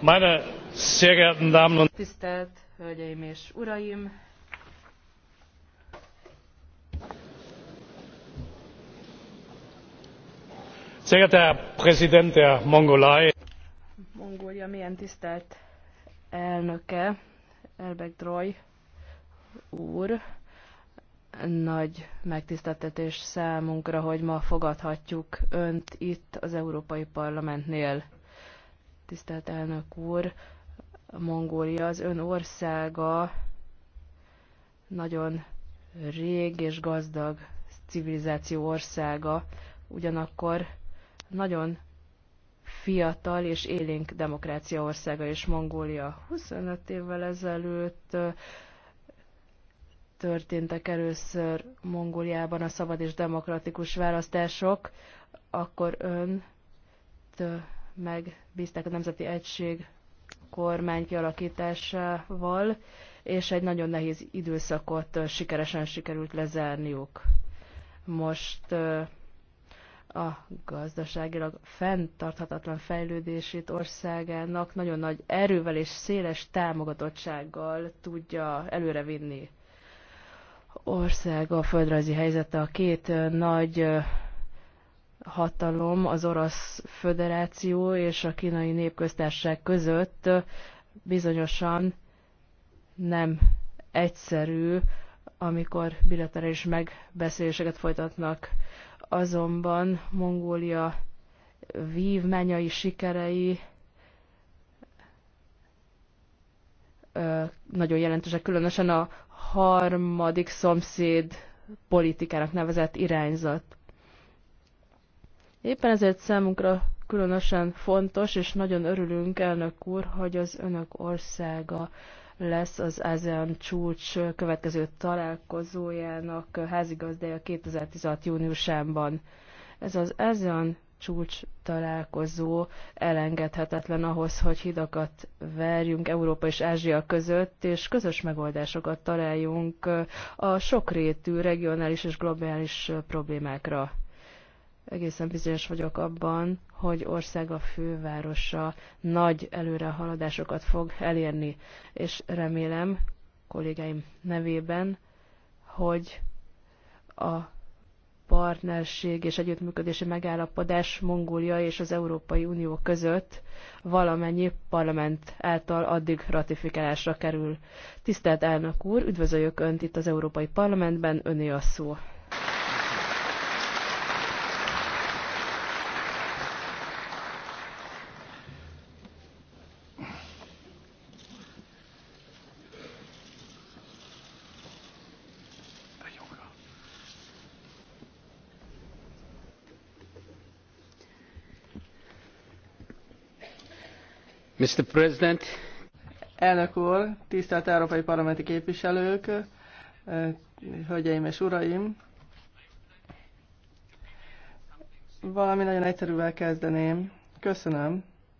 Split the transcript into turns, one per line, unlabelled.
Meine sehr geehrten Damen und Tisztelt Hölgyeim és Uraim! Sehr geehrter Herr Präsident der Mongolei! Mongolia milyen tisztelt elnöke, Elbek Droy úr! nagy megtiszteltetés számunkra, hogy ma fogadhatjuk Önt itt az Európai Parlamentnél. Tisztelt elnök úr, Mongólia az Ön országa nagyon rég és gazdag civilizáció országa, ugyanakkor nagyon fiatal és élénk demokrácia országa és Mongólia. 25 évvel ezelőtt történtek először Mongóliában a szabad és demokratikus választások, akkor ön, megbízták a Nemzeti Egység kormány kialakításával, és egy nagyon nehéz időszakot sikeresen sikerült lezárniuk. Most a gazdaságilag fenntarthatatlan fejlődését országának nagyon nagy erővel és széles támogatottsággal tudja előrevinni ország, a földrajzi helyzete, a két nagy hatalom, az Orosz Föderáció és a Kínai Népköztársaság között bizonyosan nem egyszerű, amikor bilaterális megbeszéléseket folytatnak. Azonban Mongólia vívmányai, sikerei nagyon jelentősek, különösen a harmadik szomszéd politikának nevezett irányzat. Éppen ezért számunkra különösen fontos, és nagyon örülünk, elnök úr, hogy az önök országa lesz az ASEAN csúcs következő találkozójának házigazdája 2016. júniusában. Ez az ASEAN csúcs találkozó elengedhetetlen ahhoz, hogy hidakat verjünk Európa és Ázsia között, és közös megoldásokat találjunk a sokrétű regionális és globális problémákra. Egészen bizonyos vagyok abban, hogy ország a fővárosa nagy előrehaladásokat fog elérni, és remélem kollégáim nevében, hogy a partnerség és együttműködési megállapodás Mongólia és az Európai Unió között valamennyi parlament által addig ratifikálásra kerül. Tisztelt elnök úr, üdvözöljük Önt itt az Európai Parlamentben, Öné a szó. Elnök úr, tisztelt Európai Parlamenti képviselők, eh, hölgyeim és uraim! Valami nagyon egyszerűvel kezdeném. Köszönöm.